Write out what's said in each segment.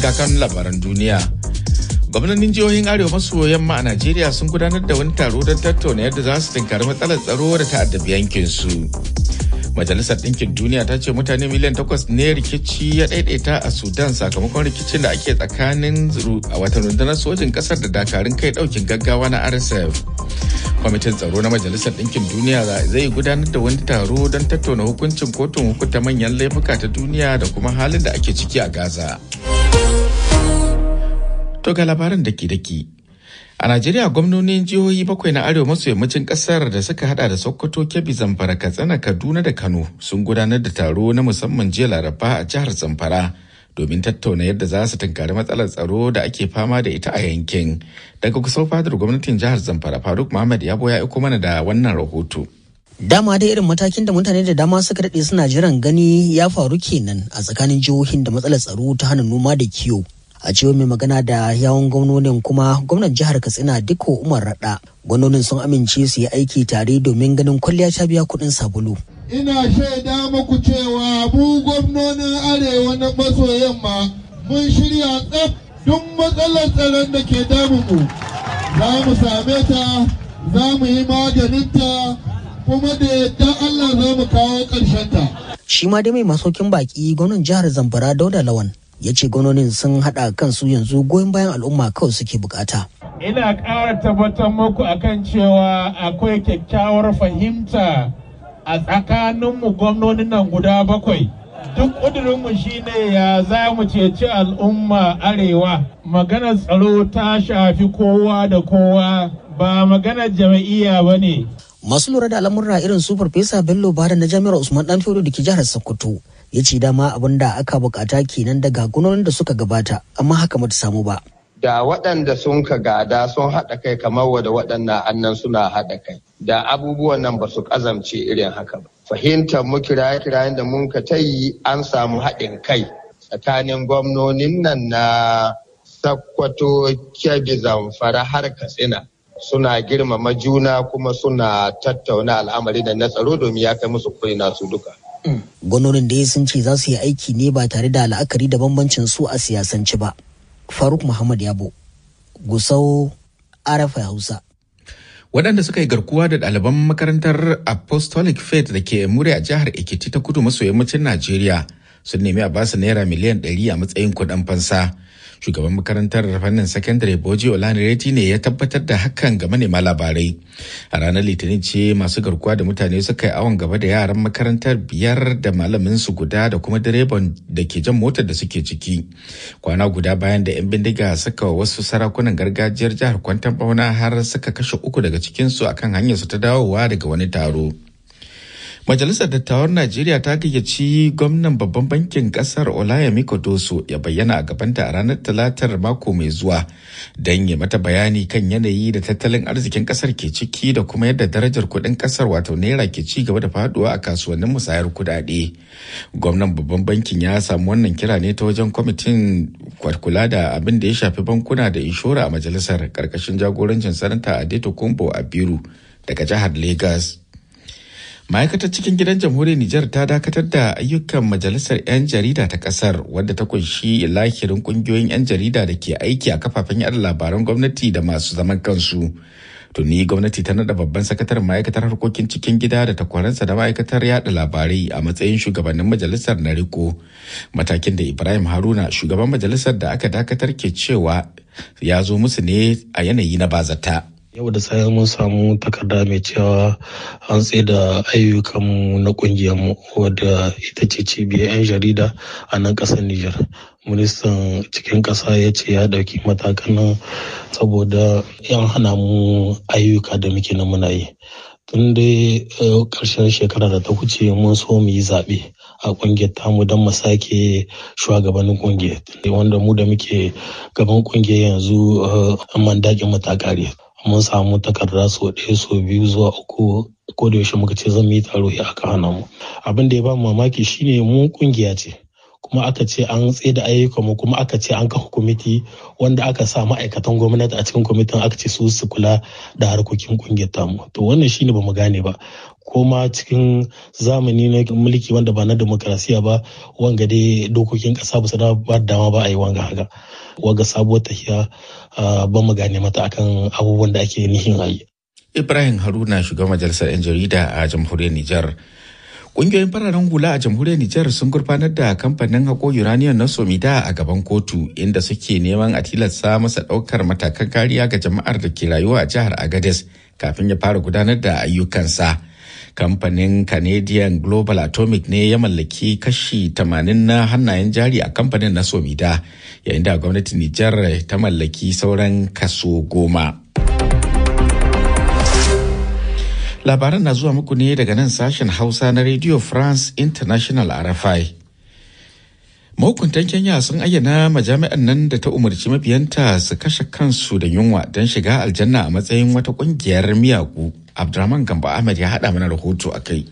ga kan labaran duniya. Gwamnanin jihohin Arewa maso yamma a Najeriya sun gudanar da wani taro don tattauna yadda za su tinkari matsalar tsaro da ta'addabi yankinsu. Majalisar Dinkin Duniya ta ce mutane miliyan takwas ne rikici ya ɗaiɗaita a Sudan sakamakon rikicin da ake tsakanin a watan rundunar sojin ƙasar da dakarun kai ɗaukin gaggawa na RSF. kwamitin tsaro na majalisar Dinkin duniya zai gudanar da wani taro don tattauna hukuncin kotun hukunta manyan laifuka ta duniya da kuma halin da ake ciki a gaza To ga labaran da daki. A Najeriya gwamnonin jihohi bakwai na arewa maso yammacin kasar da suka hada da Sokoto, Kebbi, Zamfara, Katsina, Kaduna da Kano sun gudanar da taro na musamman jiya Laraba a jihar Zamfara domin tattauna yadda za su tunkari matsalar tsaro da ake fama da ita a yankin. Daga kusan fadar gwamnatin jihar Zamfara Faruk Muhammad ya boya iko mana da wannan rahoto. Dama da irin matakin da mutane da dama suka daɗe suna jiran gani ya faru kenan a tsakanin jihohin da matsalar tsaro ta hana noma da kiwo a cewa mai magana da yawon gwamnonin kuma gwamnan jihar katsina duk umar raɗa gwamnonin sun amince su yi aiki tare domin ganin kwalliya ta biya kuɗin sabulu ina shaida maku cewa mu gwamnonin arewa na maso yamma mun shirya tsaf duk matsalar tsaron da ke damu za mu same ta za mu yi maganinta kuma da yadda Allah za mu kawo ta. Shi ma dai mai masaukin baki gwamnan jihar Zamfara Dauda Lawan ya ce gwanonin sun haɗa kansu yanzu goyon bayan al'umma kawai suke bukata. ina ƙara tabbatar muku akan cewa akwai kyakkyawar fahimta a tsakaninmu gwamnonin nan guda bakwai duk ƙudurinmu shine ya za mu ceci al'umma arewa maganar tsaro ta shafi kowa da kowa ba maganar jama'iya ba ne masu lura da al'amurra irin su farfesa bello bada na jami'ar usman dan da ke jihar sokoto ya ce dama abin da aka bukata kenan daga gunonin da suka gabata amma haka mata samu ba da waɗanda sun ka gada sun haɗa kai kamar wadda waɗannan annan suna haɗa kai da abubuwan nan ba su ƙazamce irin haka ba fahimtar mu kiraye kirayen da mun ka yi an samu haɗin kai tsakanin gwamnonin nan na sakkwato Kebbi zamfara har katsina suna girmama juna kuma suna tattauna al'amari da na tsaro domin ya kai musu ko'ina su duka gwanonin da sun ce za su yi aiki ne ba tare da la'akari da bambancin su a siyasance ba faruk muhammad yabo gusau arafa hausa waɗanda suka yi garkuwa da ɗaliban makarantar apostolic faith da ke muri a jihar ekiti ta kudu maso yammacin najeriya sun nemi a basu naira miliyan ɗari a matsayin kuɗin fansa shugaban makarantar fannin sakandare boji olanireti ne ya tabbatar da hakan ga manema labarai a ranar litinin ce masu garkuwa da mutane suka yi awon gaba da yaran makarantar biyar da malamin su guda da kuma direban da ke jan motar da suke ciki kwana guda bayan da 'yan bindiga suka wasu sarakunan gargajiyar jihar kwantan bauna har suka kashe uku daga cikinsu akan hanyar su ta dawowa daga wani taro Majalisar Dattawan Najeriya ta gayyaci gwamnan babban bankin kasar Olayemi Doso ya bayyana a gabanta a ranar talatar mako mai zuwa don yi mata bayani kan yanayi da tattalin arzikin kasar ke ciki da kuma yadda darajar kuɗin kasar wato naira ke ci gaba da faduwa a kasuwannin musayar kudade. Gwamnan babban bankin ya samu wannan kira ne ta wajen kwamitin kula da abin da ya shafi bankuna da inshora a majalisar karkashin jagorancin sanata Adeto Kumbo Abiru daga jihar lagos. ma'aikatar cikin gidan jamhuriyar nijar ta dakatar da ayyukan majalisar 'yan jarida ta kasar wadda ta kunshi lahirin kungiyoyin 'yan jarida da ke aiki a kafafen yada labaran gwamnati da masu zaman kansu tuni gwamnati ta naɗa babban sakataren ma'aikatar harkokin cikin gida da takwaransa da ma'aikatar yada labarai a matsayin shugabannin majalisar na riko matakin da ibrahim haruna shugaban majalisar da aka dakatar ke cewa ya zo musu ne a yanayi na bazata. yau da sayan mun samu takarda mai cewa an da ayyukanmu na kungiyarmu wadda ita ce cibiyar 'yan jarida a nan ƙasar Nijar. Ministan cikin ƙasa ya ce ya ɗauki matakan nan saboda yan hana mu ayyuka da muke na muna yi. Tun dai karshen eh, shekara da ta wuce mun so mu yi zaɓe. a kungiyar tamu don mu sake shugabannin kungiyar wanda mu da muke gaban kungiyar yanzu an eh, mandakin mu ta kare mun samu takarda sau ɗaya sau biyu zuwa uku ko da yaushe muka ce zan yi taro ya aka mu abin da ya ba mamaki shine mu kungiya ce kuma aka ce an tsaida ayyukan mu kuma aka ce an kafa kwamiti wanda aka sa ma'aikatan gwamnati a cikin kwamitin aka ce su su kula da harkokin kungiyar tamu to wannan shi ne bamu gane ba ma cikin zamani na mulki wanda ba na demokrasiya ba wanga dai dokokin kasa ba su da ba dama ba a yi wanga haka waga sabuwar tahiya ba mu gane mata akan abubuwan da ake nihin ayi ibrahim haruna shugaban majalisar 'yan jarida a jamhuriyar nijar Ƙungiyoyin fararen hula a jamhuriyar Nijar sun gurfanar da kamfanin hako uranium na Somida a gaban kotu inda suke neman a tilasta masa ɗaukar matakan kariya ga jama'ar da ke rayuwa a jihar Agades kafin ya fara gudanar da ayyukansa. Kamfanin Canadian Global Atomic ne ya mallaki kashi 80 na hannayen jari a kamfanin na Somida, yayin da gwamnatin Nijar ta mallaki sauran kaso goma. Labaran na zuwa muku ne daga nan sashen Hausa na Radio France International RFI. Mahukuntan Kenya sun ayyana majami'an nan da ta umarci mabiyanta su kashe kansu da yunwa don shiga aljanna a matsayin wata kungiyar miyagu. abdulrahman Gamba Ahmed ya haɗa mana rahoto a kai.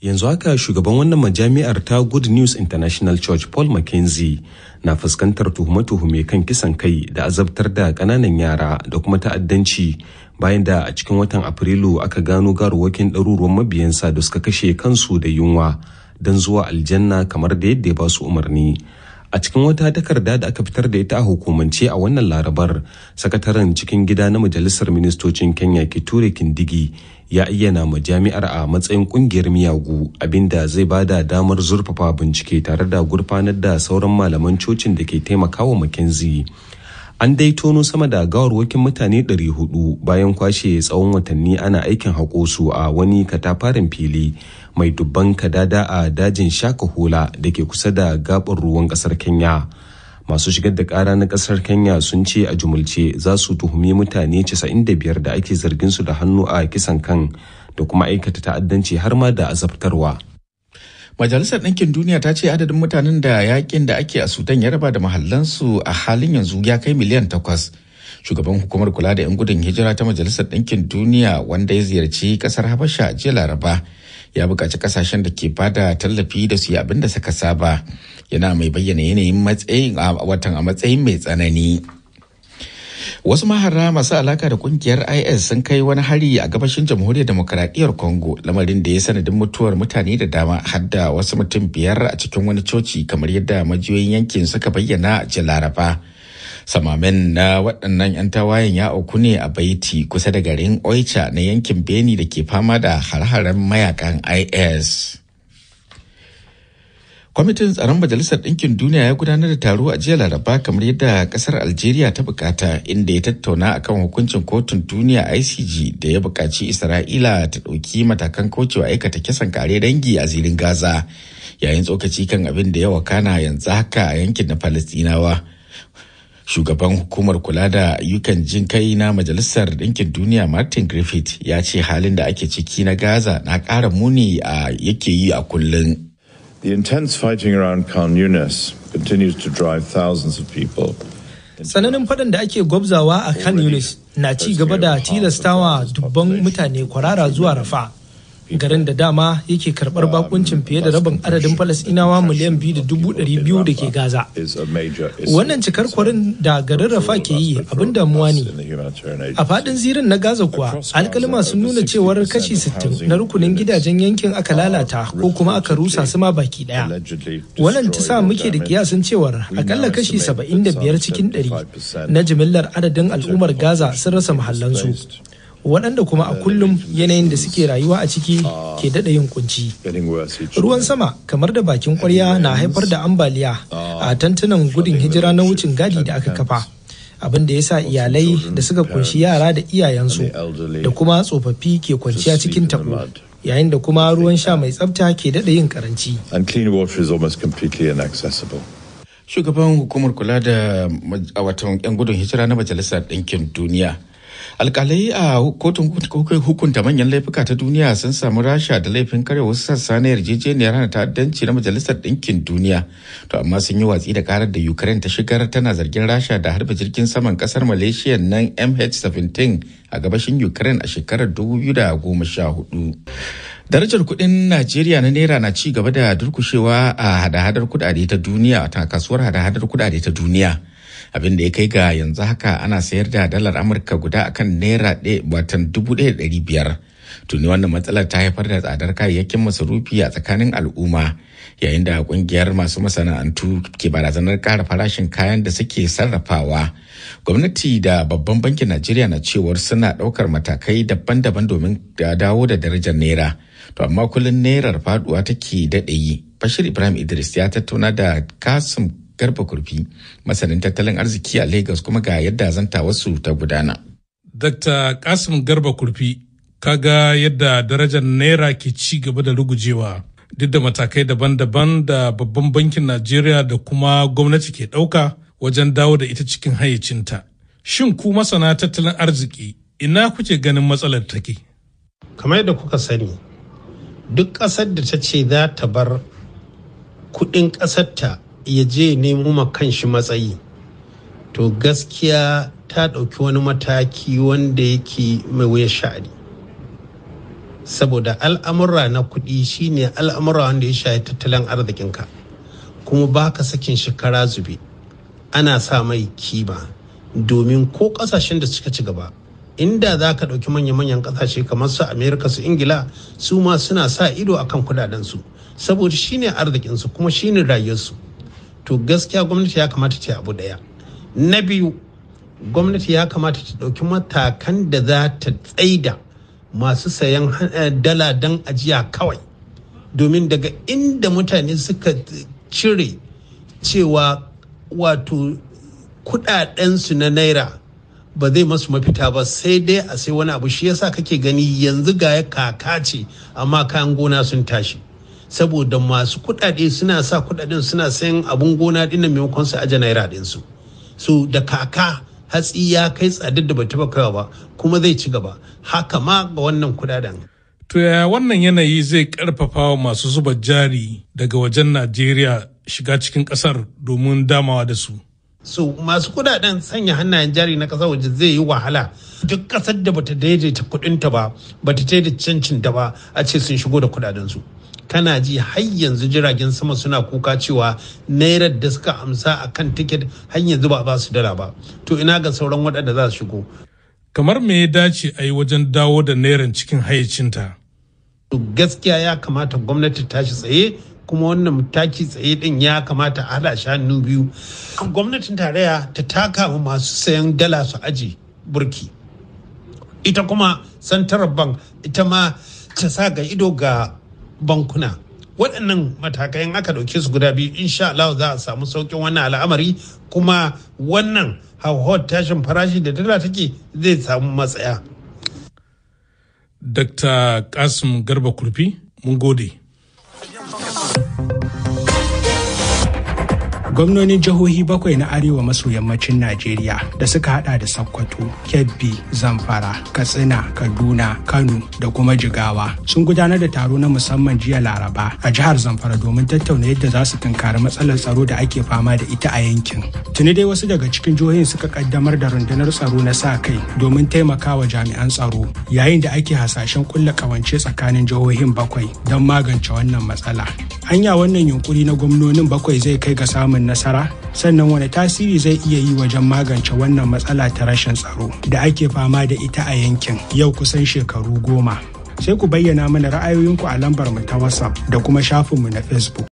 yanzu haka shugaban wannan majami'ar ta good news international church paul mckenzie na fuskantar tuhume-tuhume kan kisan kai da azabtar da ƙananan yara da kuma ta'addanci bayan da a cikin watan afrilu aka gano garuwakin ɗaruruwan mabiyansa da suka kashe kansu da yunwa don zuwa aljanna kamar da yadda ya ba su umarni a cikin wata takarda da aka fitar da ita a hukumance a wannan larabar sakataren cikin gida na majalisar ministocin kenya kiture kindigi ya ayyana ma jami'ar a matsayin kungiyar miyagu abinda zai ba da damar zurfafa bincike tare da gurfanar da sauran malaman cocin da ke taimakawa mckenzie an dai tono sama da gawarwakin mutane 400 bayan kwashe tsawon watanni ana aikin haƙo su a wani katafarin fili mai dubban kadada a dajin shaka hula da ke kusa da gabar ruwan ƙasar kenya masu shigar da kara na kasar kenya sun ce a jumulce za su tuhumi mutane 95 da ake zargin su da hannu a kisan kan da kuma aikata ta'addanci har ma da azabtarwa majalisar ɗinkin duniya ta ce adadin mutanen da yakin da ake a sudan ya raba da mahallansu a halin yanzu ya kai miliyan takwas shugaban hukumar kula da 'yan gudun hijira ta majalisar ɗinkin duniya wanda ya ziyarci ƙasar habasha jiya laraba ya bukaci kasashen da ke bada tallafi da su yi abin da suka saba yana mai bayyana yanayin matsayin a watan a matsayin mai tsanani wasu mahara masu alaka da kungiyar is sun kai wani hari a gabashin jamhuriyar demokradiyyar congo lamarin da ya sanadin mutuwar mutane da dama har da wasu mutum biyar a cikin wani coci kamar yadda majiyoyin yankin suka bayyana a laraba Samamen na waɗannan 'yan tawayen ya auku ne a Baiti kusa da garin Oicha na yankin Beni da ke fama da har-haren mayakan IS. Kwamitin tsaron Majalisar Ɗinkin Duniya ya gudanar da taro a jiya Laraba kamar yadda ƙasar Algeria ta bukata inda ya tattauna akan hukuncin kotun duniya icg da ya bukaci Isra'ila ta ɗauki matakan kaucewa aikata kisan kare dangi a zirin Gaza yayin tsokaci kan abin da ya wakana yanzu haka a yankin na Falastinawa. shugaban hukumar kula da ayyukan jin kai na majalisar ɗinkin duniya martin griffith ya ce halin da ake ciki na gaza na kara muni a yake yi a kullun. The intense fighting around Khan Yunis continues to drive thousands of people tsananin faɗan da ake gwabzawa a khan yunis na ci gaba da tilastawa dubban mutane kwarara zuwa rafa garin da dama yake karbar um, bakuncin fiye da rabin adadin falasinawa miliyan biyu da dubu ɗari biyu da ke gaza wannan cikar kwarin da garin rafa ke yi abin damuwa ne a fadin zirin na gaza kuwa alkalima sun nuna cewar kashi 60 na rukunin gidajen yankin aka lalata ko kuma aka rusa su ma baki daya wannan ta sa muke da kiyasin cewar akalla kashi 75 cikin 100 na jimillar adadin al'ummar gaza sun rasa mahallansu waɗanda kuma a kullum yanayin da suke rayuwa a ciki ke daɗa yin kunci. Ruwan sama kamar da bakin kwarya na haifar da ambaliya a tantunan gudun hijira na wucin gadi da aka kafa. abin da ya sa iyalai da suka kunshi yara da iyayensu da kuma tsofaffi ke kwanciya cikin tabo yayin da kuma ruwan sha mai tsabta ke daɗa yin karanci. Shugaban hukumar kula da watan 'yan gudun hijira na Majalisar Ɗinkin Duniya alkalai a kotun hukunta manyan laifuka ta duniya sun samu rasha da laifin kare wasu sassa na yarjejeniyar hana ta'addanci na majalisar ɗinkin duniya to amma sun yi watsi da karar da ukraine ta shigar tana zargin rasha da harba jirgin saman kasar malaysia nan mh17 a gabashin ukraine a shekarar 2014 darajar kudin najeriya na naira na ci gaba da durkushewa a hada-hadar kudade ta duniya ta kasuwar hada-hadar kudade ta duniya abin da ya kai ga yanzu haka ana sayar da dalar amurka guda akan naira watan dubu ɗaya da ɗari biyar tuni wannan matsalar ta haifar da tsadar kayayyakin masarufi a tsakanin al'umma yayin da kungiyar masu masana'antu ke barazanar kara farashin kayan da suke sarrafawa gwamnati da babban bankin najeriya na cewar suna ɗaukar matakai daban-daban domin dawo da darajar naira to amma kullum nairar faduwa take daɗe yi bashir ibrahim idris ya tattauna da kasim Garba Kurfi, masanin tattalin arziki a Lagos kuma ga yadda zantawarsu ta gudana. Dr. Kasim Garba Kurfi, kaga yadda darajar Naira ke ci gaba da rugujewa duk da matakai daban-daban da babban bankin Najeriya da kuma gwamnati ke ɗauka wajen dawo da ita cikin hayyacinta. Shin ku masana tattalin arziki ina kuke ganin matsalar take? Kamar yadda kuka sani, duk ƙasar da ta ce za ta bar kuɗin ƙasarta ya je nemo ma shi matsayi to gaskiya ta ɗauki wani mataki wanda yake mai wuya sha'ani saboda al'amura na kuɗi shine al'amura wanda ya shafi tattalin arzikinka kuma baka sakin shekara zube ana sa mai kima domin ko ƙasashen da suka ci gaba inda za ka ɗauki manya-manyan kasashe kamar su amerika su ingila su ma suna sa ido akan kudadensu saboda shine arzikinsu kuma shine rayuwarsu to gaskiya gwamnati ya kamata ta abu daya na biyu gwamnati ya kamata ta ɗauki matakan da za ta tsaida masu sayan eh, dala don ajiya kawai domin daga inda mutane suka cire cewa wato kudadensu na naira ba zai masu mafita ba sai dai a sai wani abu shi yasa kake gani yanzu ga kaka ce amma kayan gona sun tashi saboda masu kuɗaɗe suna sa kuɗaɗen suna sayan abun gona dinnan maimakon su aje naira din su So da kaka hatsi ya kai tsadar da bai taɓa ba kuma zai ci gaba haka ma ga wannan kuɗaɗen. To yaya wannan yanayi zai karfafa masu zuba jari daga wajen Najeriya shiga cikin ƙasar domin damawa da su? So masu kudaden sanya hannayen jari na ƙasar waje zai yi wahala duk ƙasar da bata daidaita ta ba bata daidaita ta ba a ce sun shigo da kudadensu. su. tana ji har yanzu jiragen sama suna kuka cewa naira da suka amsa a kan tiket har yanzu ba za su dala ba to ina ga sauran waɗanda za su shigo kamar me ya dace a yi wajen dawo da nairan cikin hayyacinta gaskiya ya kamata gwamnati tashi tsaye kuma wannan taki tsaye din ya kamata a hada shi hannu biyu gwamnatin tarayya ta taka wa masu sayan dala su aji burki ita kuma central bank ita ma ta sa ga ido ga bankuna waɗannan matakai in aka ɗauke su guda biyu insha Allah za a samu sauƙin wannan al'amari kuma wannan hauhawar tashin farashi da dala take zai samu matsaya. Dr. Kasim Garba Kurfi, mun gode. gwamnonin jihohi bakwai na arewa maso yammacin najeriya da suka hada da sokoto kebbi zamfara katsina kaduna kano da kuma jigawa sun gudanar da taro na musamman jiya laraba a jihar zamfara domin tattauna yadda za su tunkari matsalar tsaro da ake fama da ita a yankin tuni dai wasu daga cikin jihohin suka kaddamar da rundunar tsaro na sa kai domin taimakawa jami'an tsaro yayin da ake hasashen kulla kawance tsakanin jihohin bakwai don magance wannan matsala hanya wannan yunkuri na gwamnonin bakwai zai kai ga samun nasara sannan wani tasiri zai iya yi wajen magance wannan matsala ta rashin tsaro da ake fama da ita a yankin yau kusan shekaru goma sai ku bayyana mana ra'ayoyinku a lambar mu ta whatsapp da kuma shafinmu na facebook